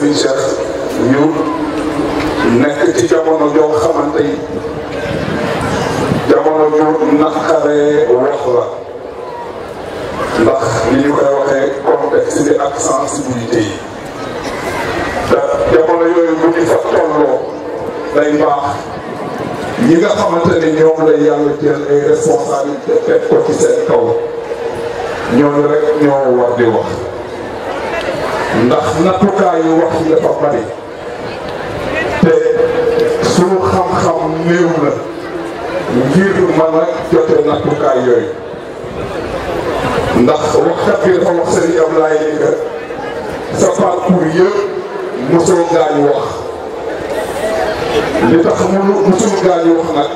Serigne Cheikh ñu nekk ci jamono joo xamante yi jamono ju naqaree wax la ndax li ak sensibilité yi da jamono yooyu bu ñu fa tolloo day baax ñi nga xamante ne ñoom la yàlla jël ay responsabilité teg ko ci war di wax ndax nattukaayu wax yi dafa bari te sunu xam-xam néew la ngir mën a jote nattukaay yooyu ndax waxkat bi dafa wax sëriñ Ablaye sa parcours yëpp mosoo gaañu wax li tax munu mosul gaañu wax nag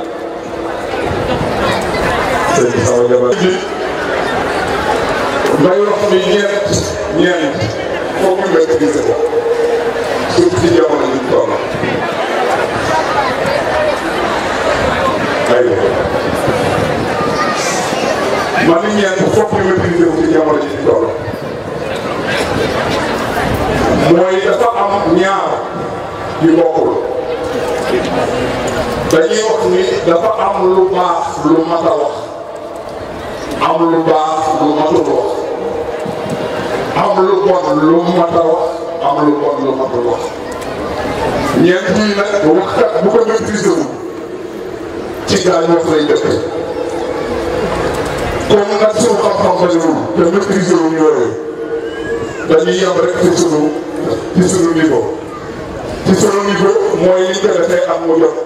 sëriñ wax ni ñeent ñeent foog ñu maîtriser ko surtout ci jamono ji ji ñu toll mooy dafa am ñaar yu bokkul dañuy wax ni dafa am lu baax lu mat a am lu baax lu matul wax. am lu bon lu mat wax am lu bon lu matul wax ñeent ñii nag waxkat bu ko maîtriser wu ci gaañ wax lay dëkk comme nag suñu xam-xam bariwul te maîtriser wu yooyu dañuy yem ci sunu ci sunu niveau mooy liñ ko defee am mu jot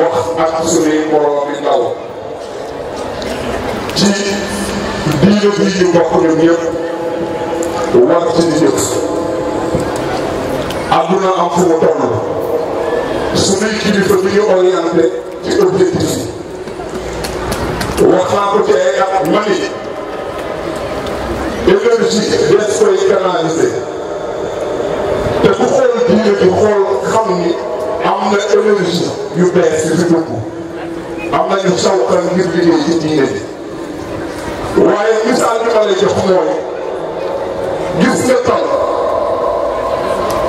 wax ak suñuy moroom yi ndaw ci diine bi ñu bokk ñun ñëpp war ci di jëf àdduna am fu mu kilifa bi ñu orienté ci wax naa ko ci ay at ma ni énergie des koy canalisé te ku xool diine bi xool xam ni am na énergie yu bees yu fi dugg am nañu sawkan ngir liggéey ci diine bi waaye misaal bi ma lay jox gis nga taw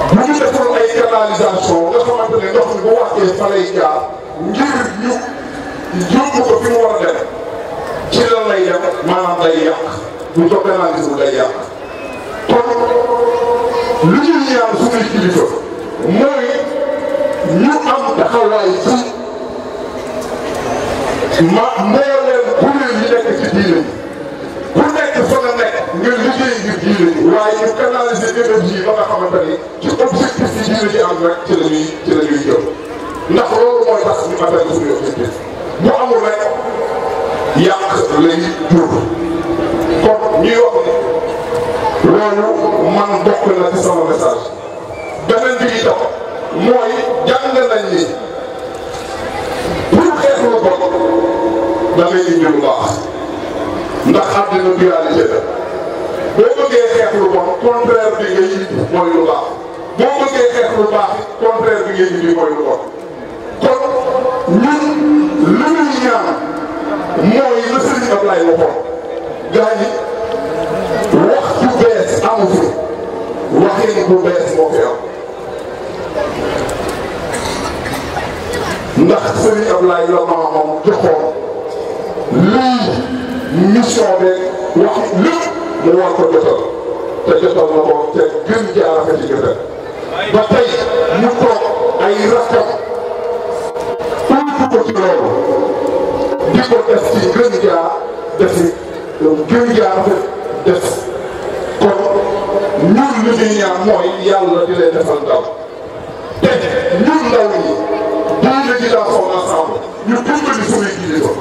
bu ñu defoon ay canalisation nga xamante ne ndox mi bu wàccee fa lay jaar ngir ñu yóbbu ko fi mu war a dem ci lan lay dem maanaam day yàq bu ko canaliser day yàq kon lu ñuy ñaan suñuy kilifa mooy ñu am taxawaay ci ma mbooleem kuréel yi nekk ci diine liggéey ngir diine ji waaye ñu canaliser jënd ji ba nga xamante ni ci objectif yi diine ji am ci la ñuy ci la ñuy ndax loolu mooy tax ñu atteindre suñu objectif bu amul man bokk na ci sama message beneen bi itam mooy jàng nañ ni pour xeex lu bon da ngay indi lu baax ndax àddina bi boo bëggee xeex lu bon contraire bi ngay indi mooy lu baax boo bëggee xeex lu baax contraire bi ngay indi mooy lu bon kon ñun li ñuy ñaan mooy la Serigne Ablaye waxoon gaa ñi wax ju bees amu fi waxin bu bees moo fi am ndax Serigne Ablaye la maamam joxoon lii mission beeg wax lépp mu war ko jotal te jotal na ko te gën jaa rafet jotal ba tey ñu toog ay rakkam ko ci loolu di ko def ci gën jaa defi gën jaa rafet def kon ñun li ñuy ñaan mooy yàlla di leen defal ndaw te ñun ndaw ñi diine ji daa soog ensemble ñu dimbali suñuy kilifa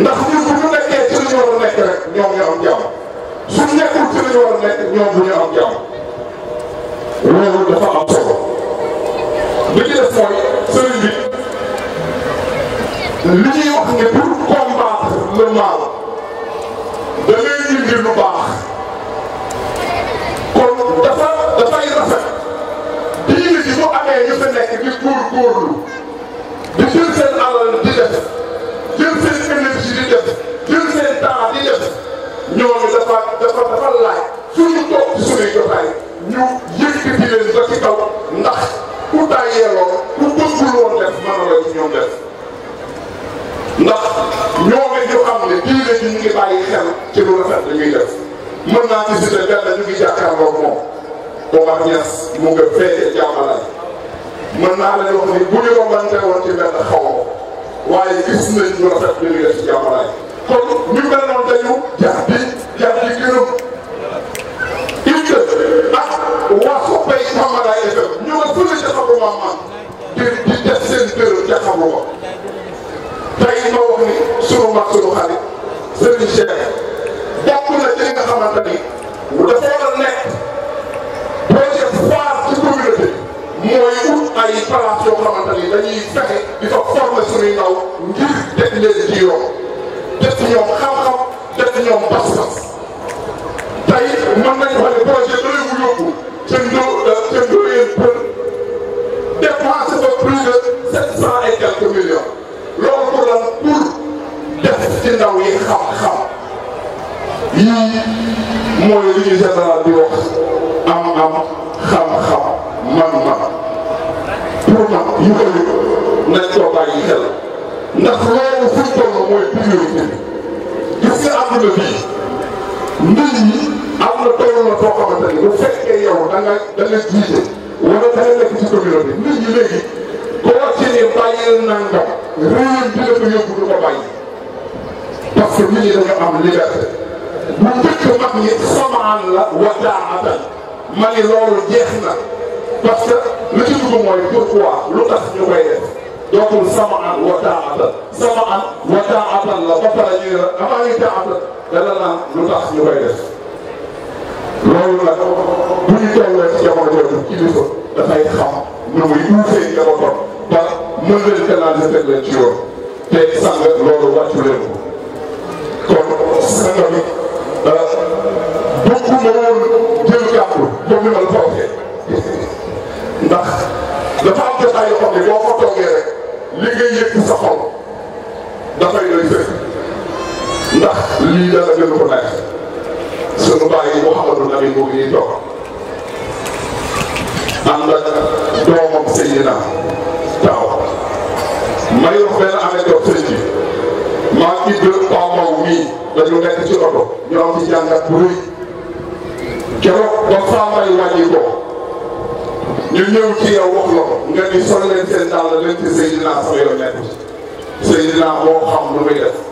ndax ñun bu ñu nekkee ci li ñu nekk rek ñoom ñoo am su nekkul ci la ñu war a nekk ñoom bu am jàmm loolu dafa am solo bi ci def mooy sëriñ bi li ñuy wax ne pour combattre lu baax kon dafa dafay rafet diine ji bu amee ñu fa nekk di góorgóorlu di jël seen alal di def jël di def. li muy def mën naa ci si ne benn ñu ngi jàkkaarloo moom Omar Niass mu nga fee jaamalaay mën naa leen wax ni bu ñu rombante woon ci benn xaw waaye gis nañ ñu rafet li muy def ci jaamalaay kon ñu mel noonu dañu ay place yoo xamante ni dañuy fexe di fa former suñuy ndaw ngir def leen jiiroo def ci xam-xam def ci pas-pas tey mën nañu wax ne projet bi mu yóbbu te ndoo euh, te ndoo yéen për dépensé ba plus de sept cent et quelques millions loolu pour lan pour def ci ndaw yi xam-xam na yu bëri nañ ko bàyyi xel ndax loolu suñ toll mooy priorité bi gis nga àdduna bii mbir yi am na toll na foo xamante ni bu fekkee yow da nga da nga jiite wala da nga nekk ci yi léegi koo ci ne bàyyil nangam réew bi la ko yóbbu du ko bàyyi parce que nit ñi dañu am liberté bu njëkk mag ñi samaan la wadaatan ma ni loolu jeex na parce que li ci dugg mooy pourquoi lu tax ñu koy def sama an wa taata sama an wa taatan la ba pare ñu ne la amaa ngi taata dana naan lu tax ñu koy def loolu nag bu ñu tollee ci jamono jooju kilifa dafay xam nu muy uufee njabootam ba mën leen canaliser teg leen ci yoon te sang loolu wàccu leen ko kon sang bi euh, bokkuma woon jël kàpp comme ni ma la ko waxee ndax dafa am jotaay yoo xam ne boo ko toogee rek li ngay yëg ci dafay doy fekk ndax lii dara gën ko neex sunu bàyyi Mouhamadou Lamine boobu ñuy toog ànd ak doomam Seydina Taaw may wax benn anecdote sëñ bi maa ngi gën Paa Maw mii dañu nekk ci oto ñoo ci jàngat bu rëy keroog ba Faa May ko. ñu ñëw ci yow wax la nga ni sol leen seen dàll leen ci Seydina sama yoon nekk Seydina moo xam ñu départ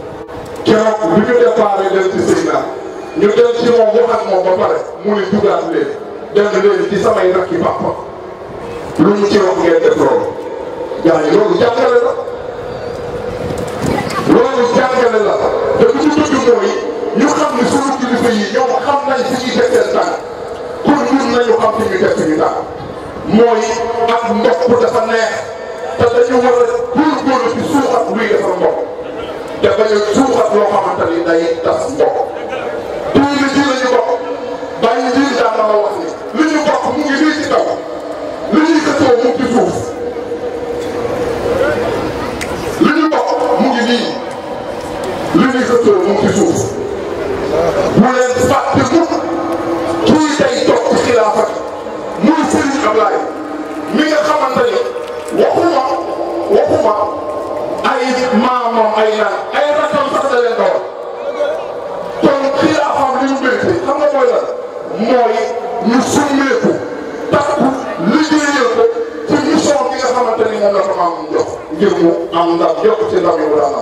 ci Seydina ñu dem ci moom dugaat leen dem leen ci samay rakk yi papa lu mu ci wax ngeen def loolu yaa ngi loolu jàngale la loolu jàngale la te li ci dëgg mooy ñu xam ni sunu kilifa yi ñoom xam nañ fi ñuy teg seen tànk pour ñun nañu xam fi mooy ak mbokk dafa neex te dañu war a góorgóorlu ci suuxat luy defar mbokk te bañ a suuxat loo xamante ni day tas mbokk ji la ñu bokk bàyyi ji daan na ma wax ni li ñu bokk mu ngi nii ci kaw li ñuy xëccoo mu ngi ci suuf ñu bokk mu ngi nii li ñuy xëccoo mu ngi ci suuf ay nag ay rakkam sax da leen dawal kon kii daa xam li mu mérité xam mooy lan mooy ñu summeeku takku liggéeyal ko ci mission bi nga xamante ni moom la ko maam jox ngir mu am ndam yokk ci ndam yi mu daan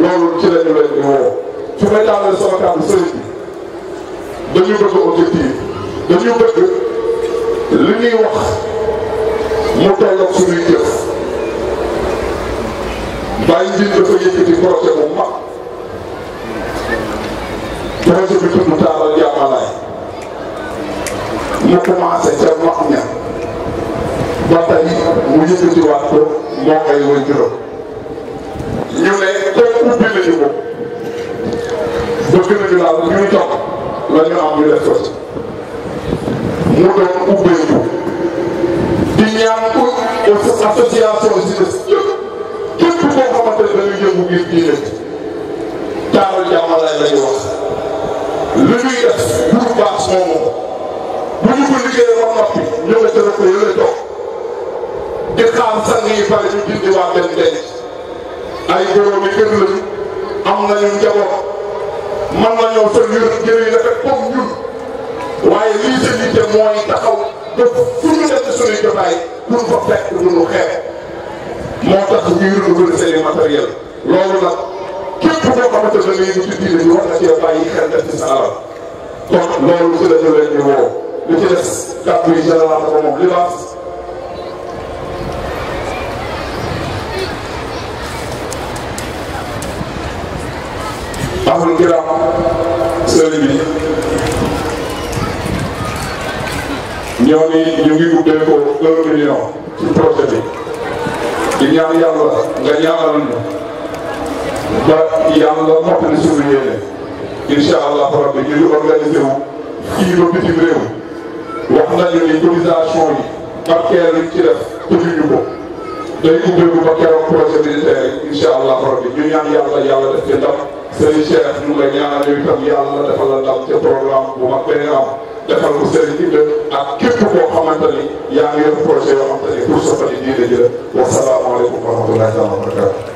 loolu ci la ñu leen di woo su may daaneel sama kàddu sëriñ bi dañu bëgg objectif dañu bëgg li ñuy wax mu toll ak suñuy jëf. waaye mbir dafa yëkkati projet bu mag projet bi tudd Taalal Jàmmalaay mu commencé ca wax ña ba tey mu yëkkatiwaat ko moo koy wër juróom ñu ne comme ubbi nañu ko bëgg nañu daal ñu ngi toog la ñu am ñu def ko ci mu doon ubbeeku di ñaan ko association koo xamante ne da ngay jëm ngir diine taaral jàmmalaay la ñu wax li muy def lu baax bu ñu ko liggéeyee ba noppi ñu nga jëlee ko yële di xaar sang yi pare ñu dindi waa benn denc ay góoram yi gën lañu am nañu njaboot mën nañoo seen yër jëriñ la rek ñun waaye lii seen yitte mooy taxaw ba fu ñu nekk suñuy jotaay duñ fa fekk duñu xeex. moo tax ñuy renouveler seen i matériel loolu nag képp koo xamante ne nii ci diine ñu war na cee bàyyi xel def ci sa alal kon loolu lu ci def leen ñu woo li ci des kàddu yi général ko moom libaas amul giraam sëriñ bi ñoo ni ñu ngi guddee ko un million ci projet bi di ñaan yàlla nga ñaanal ñu ba yàlla mottali suñu yéene incha allah rabbi ñu ngi organisé wu fii ba bitim réew wax nañu ni cotisation yi barkeer yi ci def tudduñu ko day ubbeeku ba keroog projet militaire yi incha allah rabbi ñu ñaan yàlla yàlla def ci ndam Serigne Cheikh ñu ngi lay ñaanal yow itam yàlla defal la ndam ca am. defal ko sëriñ Ibra ak képp koo xamante ni yaa ngi yor projet yoo xamante ni pour soppali diine ji la wa salaamu aleykum wa rahmatullahi wa barakaatu